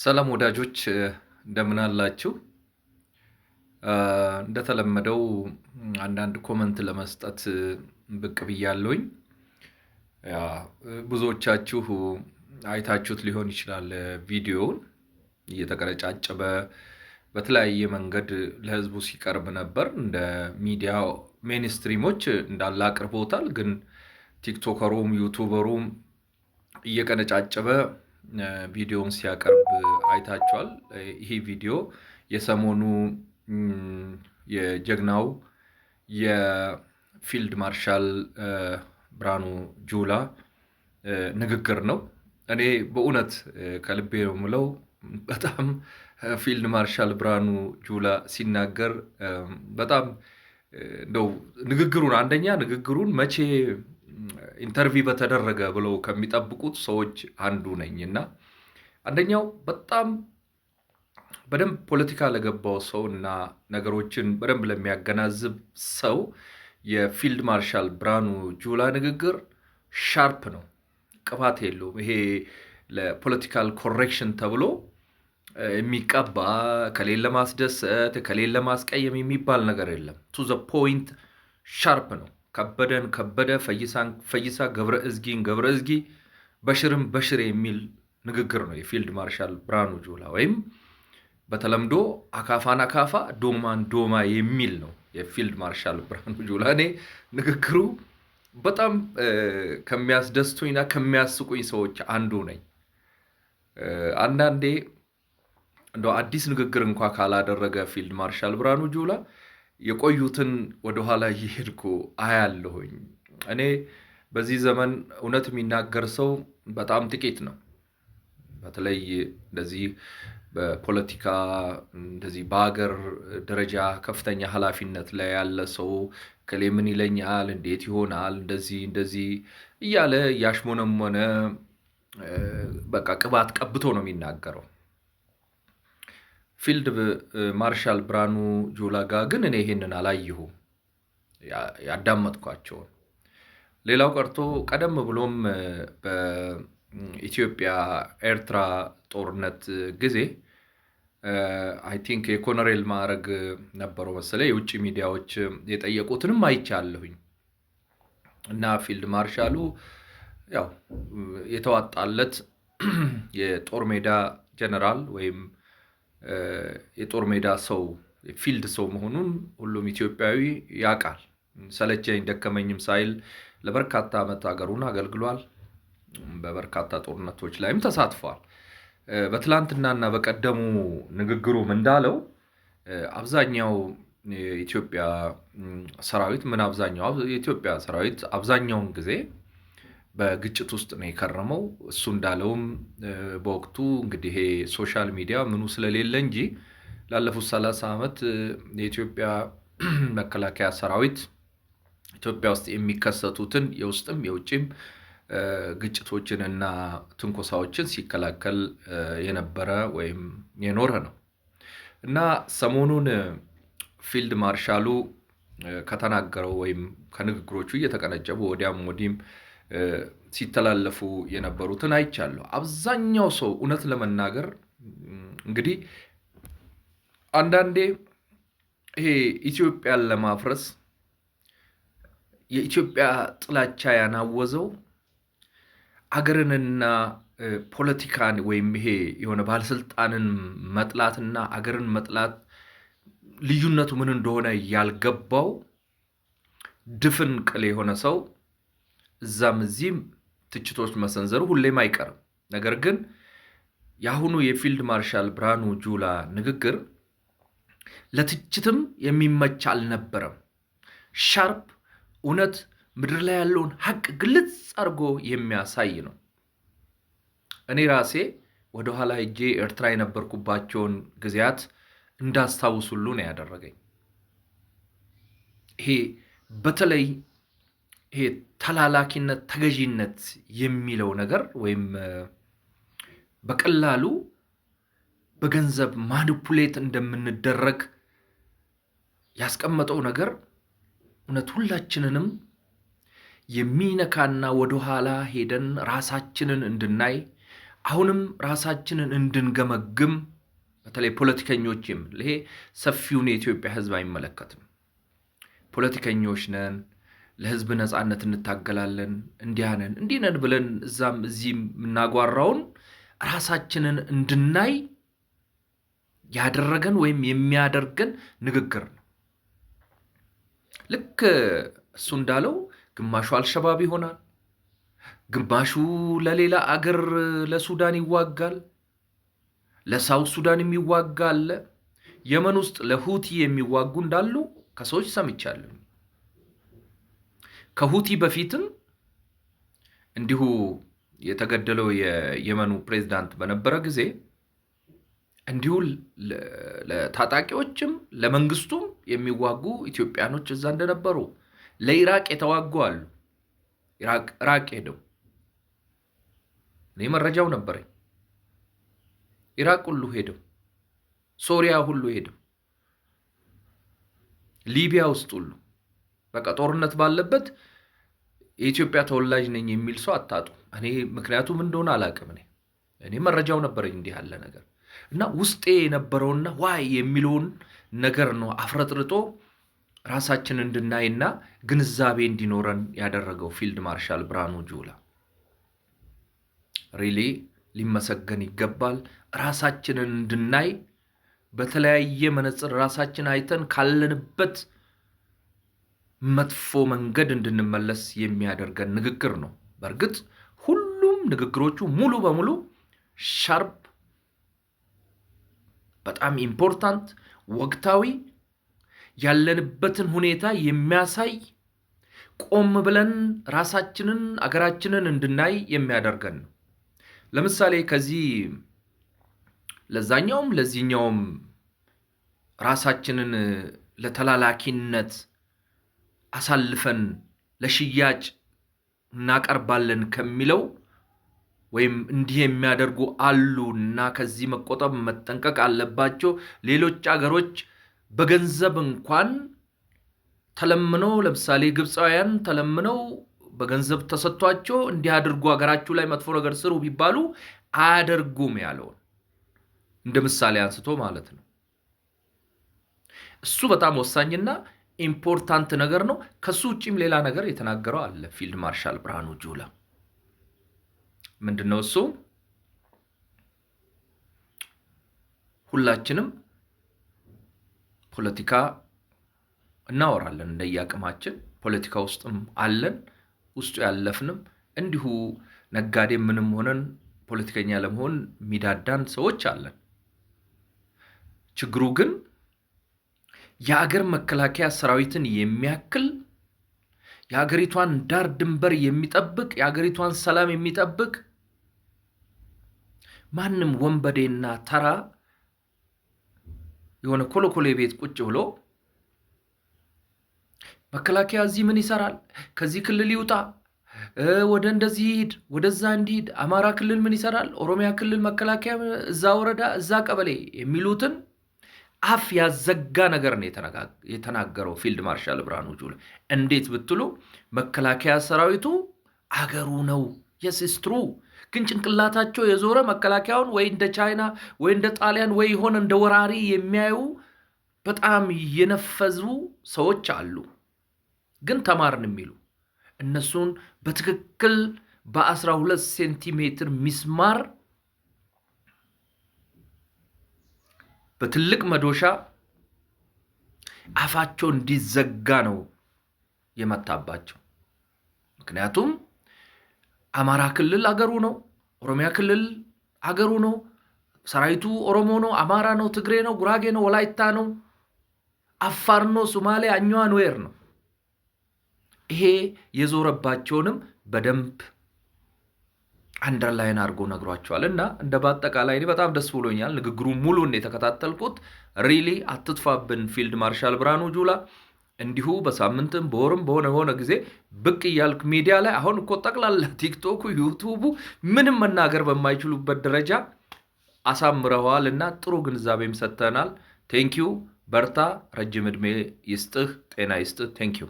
ሰላም ወዳጆች እንደምን አላችሁ? እንደተለመደው አንዳንድ ኮመንት ለመስጠት ብቅ ብያለሁኝ። ብዙዎቻችሁ አይታችሁት ሊሆን ይችላል ቪዲዮውን እየተቀነጫጨበ በተለያየ መንገድ ለህዝቡ ሲቀርብ ነበር። እንደ ሚዲያ ሜንስትሪሞች እንዳለ አቅርቦታል። ግን ቲክቶከሩም ዩቱበሩም እየቀነጫጨበ ቪዲዮውን ሲያቀርብ አይታችኋል። ይሄ ቪዲዮ የሰሞኑ የጀግናው የፊልድ ማርሻል ብርሃኑ ጁላ ንግግር ነው። እኔ በእውነት ከልቤ ነው የምለው። በጣም ፊልድ ማርሻል ብርሃኑ ጁላ ሲናገር በጣም እንደው ንግግሩን አንደኛ ንግግሩን መቼ ኢንተርቪ በተደረገ ብለው ከሚጠብቁት ሰዎች አንዱ ነኝ እና አንደኛው በጣም በደንብ ፖለቲካ ለገባው ሰው እና ነገሮችን በደንብ ለሚያገናዝብ ሰው የፊልድ ማርሻል ብርሃኑ ጁላ ንግግር ሻርፕ ነው፣ ቅባት የለውም። ይሄ ለፖለቲካል ኮሬክሽን ተብሎ የሚቀባ ከሌን ለማስደሰት ከሌን ለማስቀየም የሚባል ነገር የለም። ቱ ዘ ፖይንት ሻርፕ ነው። ከበደን ከበደ፣ ፈይሳ ገብረ እዝጊን ገብረ እዝጊ፣ በሽርም በሽር የሚል ንግግር ነው የፊልድ ማርሻል ብርሃኑ ጁላ ወይም በተለምዶ አካፋን አካፋ ዶማን ዶማ የሚል ነው የፊልድ ማርሻል ብርሃኑ ጁላ። እኔ ንግግሩ በጣም ከሚያስደስቱኝና ከሚያስቁኝ ሰዎች አንዱ ነኝ። አንዳንዴ እንደ አዲስ ንግግር እንኳ ካላደረገ ፊልድ ማርሻል ብርሃኑ ጁላ የቆዩትን ወደኋላ እየሄድኩ አያለሁኝ። እኔ በዚህ ዘመን እውነት የሚናገር ሰው በጣም ጥቂት ነው። በተለይ እንደዚህ በፖለቲካ እንደዚህ በሀገር ደረጃ ከፍተኛ ኃላፊነት ላይ ያለ ሰው ከሌ ምን ይለኛል፣ እንዴት ይሆናል፣ እንደዚህ እንደዚህ እያለ እያሽሞነሞነ በቃ ቅባት ቀብቶ ነው የሚናገረው። ፊልድ ማርሻል ብርሃኑ ጁላ ጋር ግን እኔ ይሄንን አላየሁም። ያዳመጥኳቸውን ሌላው ቀርቶ ቀደም ብሎም በኢትዮጵያ ኤርትራ ጦርነት ጊዜ አይ ቲንክ ማዕረግ ነበረው መሰለኝ የውጭ ሚዲያዎች የጠየቁትንም አይቻለሁኝ እና ፊልድ ማርሻሉ ያው የተዋጣለት የጦር ሜዳ ጀነራል ወይም የጦር ሜዳ ሰው ፊልድ ሰው መሆኑን ሁሉም ኢትዮጵያዊ ያውቃል። ሰለቸኝ ደከመኝም ሳይል ለበርካታ ዓመት ሀገሩን አገልግሏል። በበርካታ ጦርነቶች ላይም ተሳትፏል። በትላንትናና በቀደሙ ንግግሩም እንዳለው አብዛኛው የኢትዮጵያ ሰራዊት ምን አብዛኛው የኢትዮጵያ ሰራዊት አብዛኛውን ጊዜ በግጭት ውስጥ ነው የከረመው። እሱ እንዳለውም በወቅቱ እንግዲህ ሶሻል ሚዲያ ምኑ ስለሌለ እንጂ ላለፉት ሰላሳ ዓመት የኢትዮጵያ መከላከያ ሰራዊት ኢትዮጵያ ውስጥ የሚከሰቱትን የውስጥም የውጭም ግጭቶችን እና ትንኮሳዎችን ሲከላከል የነበረ ወይም የኖረ ነው እና ሰሞኑን ፊልድ ማርሻሉ ከተናገረው ወይም ከንግግሮቹ እየተቀነጨቡ ወዲያም ወዲህም ሲተላለፉ የነበሩትን አይቻለሁ። አብዛኛው ሰው እውነት ለመናገር እንግዲህ አንዳንዴ ይሄ ኢትዮጵያን ለማፍረስ የኢትዮጵያ ጥላቻ ያናወዘው አገርንና ፖለቲካን ወይም ይሄ የሆነ ባለስልጣንን መጥላትና አገርን መጥላት ልዩነቱ ምን እንደሆነ ያልገባው ድፍን ቅል የሆነ ሰው እዛም እዚህም ትችቶች መሰንዘሩ ሁሌም አይቀርም። ነገር ግን የአሁኑ የፊልድ ማርሻል ብርሃኑ ጁላ ንግግር ለትችትም የሚመች አልነበረም። ሻርፕ እውነት ምድር ላይ ያለውን ሀቅ ግልጽ አድርጎ የሚያሳይ ነው። እኔ ራሴ ወደኋላ ሄጄ ኤርትራ የነበርኩባቸውን ጊዜያት እንዳስታውሱሉ ነው ያደረገኝ ይሄ በተለይ ይሄ ተላላኪነት ተገዢነት የሚለው ነገር ወይም በቀላሉ በገንዘብ ማኒፑሌት እንደምንደረግ ያስቀመጠው ነገር እውነት ሁላችንንም የሚነካና ወደኋላ ሄደን ራሳችንን እንድናይ አሁንም ራሳችንን እንድንገመግም በተለይ ፖለቲከኞች የምንል ይሄ ሰፊውን የኢትዮጵያ ሕዝብ አይመለከትም። ፖለቲከኞች ነን ለህዝብ ነፃነት እንታገላለን፣ እንዲያነን እንዲነን ብለን እዛም እዚህም የምናጓራውን ራሳችንን እንድናይ ያደረገን ወይም የሚያደርገን ንግግር ነው። ልክ እሱ እንዳለው ግማሹ አልሸባብ ይሆናል፣ ግማሹ ለሌላ አገር ለሱዳን ይዋጋል፣ ለሳውት ሱዳን የሚዋጋ አለ፣ የመን ውስጥ ለሁቲ የሚዋጉ እንዳሉ ከሰዎች ሰምቻለሁ። ከሁቲ በፊትም እንዲሁ የተገደለው የየመኑ ፕሬዝዳንት በነበረ ጊዜ እንዲሁ ለታጣቂዎችም ለመንግስቱም የሚዋጉ ኢትዮጵያኖች እዛ እንደነበሩ ለኢራቅ የተዋጉ አሉ። ኢራቅ ሄደው እኔ መረጃው ነበረኝ። ኢራቅ ሁሉ ሄደው፣ ሶሪያ ሁሉ ሄደው፣ ሊቢያ ውስጥ ሁሉ በቃ ጦርነት ባለበት የኢትዮጵያ ተወላጅ ነኝ የሚል ሰው አታጡ። እኔ ምክንያቱም እንደሆነ አላቅም። እኔ እኔ መረጃው ነበረኝ እንዲህ ያለ ነገር እና ውስጤ የነበረውና ዋይ የሚለውን ነገር ነው አፍረጥርጦ ራሳችን እንድናይና ግንዛቤ እንዲኖረን ያደረገው ፊልድ ማርሻል ብርሃኑ ጁላ ሪሊ ሊመሰገን ይገባል። ራሳችንን እንድናይ በተለያየ መነጽር ራሳችን አይተን ካለንበት መጥፎ መንገድ እንድንመለስ የሚያደርገን ንግግር ነው። በእርግጥ ሁሉም ንግግሮቹ ሙሉ በሙሉ ሻርፕ፣ በጣም ኢምፖርታንት፣ ወቅታዊ፣ ያለንበትን ሁኔታ የሚያሳይ ቆም ብለን ራሳችንን አገራችንን እንድናይ የሚያደርገን ነው። ለምሳሌ ከዚህ ለዛኛውም ለዚህኛውም ራሳችንን ለተላላኪነት አሳልፈን ለሽያጭ እናቀርባለን ከሚለው ወይም እንዲህ የሚያደርጉ አሉ እና ከዚህ መቆጠብ መጠንቀቅ አለባቸው። ሌሎች አገሮች በገንዘብ እንኳን ተለምነው ለምሳሌ ግብፃውያን ተለምነው በገንዘብ ተሰጥቷቸው እንዲህ አድርጉ ሀገራችሁ ላይ መጥፎ ነገር ስሩ ቢባሉ አያደርጉም ያለውን እንደ ምሳሌ አንስቶ ማለት ነው። እሱ በጣም ወሳኝና ኢምፖርታንት ነገር ነው። ከሱ ውጭም ሌላ ነገር የተናገረው አለ ፊልድ ማርሻል ብርሃኑ ጁላ። ምንድን ነው እሱ? ሁላችንም ፖለቲካ እናወራለን እንደየአቅማችን፣ ፖለቲካ ውስጥም አለን ውስጡ ያለፍንም እንዲሁ ነጋዴ ምንም ሆነን ፖለቲከኛ ለመሆን የሚዳዳን ሰዎች አለን። ችግሩ ግን የአገር መከላከያ ሰራዊትን የሚያክል የሀገሪቷን ዳር ድንበር የሚጠብቅ የሀገሪቷን ሰላም የሚጠብቅ ማንም ወንበዴና ተራ የሆነ ኮሎኮሌ ቤት ቁጭ ብሎ መከላከያ እዚህ ምን ይሰራል? ከዚህ ክልል ይውጣ፣ ወደ እንደዚህ ይሂድ፣ ወደዛ እንዲሂድ፣ አማራ ክልል ምን ይሰራል? ኦሮሚያ ክልል መከላከያ እዛ ወረዳ፣ እዛ ቀበሌ የሚሉትን አፍ ያዘጋ ነገር ነው የተናገረው ፊልድ ማርሻል ብርሃኑ ጁላ። እንዴት ብትሉ መከላከያ ሰራዊቱ አገሩ ነው የሲስትሩ ግን ጭንቅላታቸው የዞረ መከላከያውን ወይ እንደ ቻይና ወይ እንደ ጣሊያን ወይ ሆነ እንደ ወራሪ የሚያዩ በጣም የነፈዙ ሰዎች አሉ፣ ግን ተማርን የሚሉ እነሱን በትክክል በ12 ሴንቲሜትር ሚስማር በትልቅ መዶሻ አፋቸው እንዲዘጋ ነው የመታባቸው። ምክንያቱም አማራ ክልል አገሩ ነው፣ ኦሮሚያ ክልል አገሩ ነው። ሰራዊቱ ኦሮሞ ነው፣ አማራ ነው፣ ትግሬ ነው፣ ጉራጌ ነው፣ ወላይታ ነው፣ አፋር ነው፣ ሱማሌ አኛዋ ኑዌር ነው። ይሄ የዞረባቸውንም በደንብ አንደርላይን አድርጎ ነግሯቸዋል። እና እንደ በአጠቃላይ እኔ በጣም ደስ ብሎኛል። ንግግሩ ሙሉን የተከታተልኩት ሪሊ አትጥፋብን ፊልድ ማርሻል ብርሃኑ ጁላ እንዲሁ በሳምንትም በወርም በሆነ የሆነ ጊዜ ብቅ እያልክ ሚዲያ ላይ አሁን እኮ ጠቅላላ ቲክቶኩ፣ ዩቱቡ ምንም መናገር በማይችሉበት ደረጃ አሳምረዋል እና ጥሩ ግንዛቤም ሰጥተናል። ቴንኪዩ በርታ፣ ረጅም ዕድሜ ይስጥህ፣ ጤና ይስጥህ። ቴንኪዩ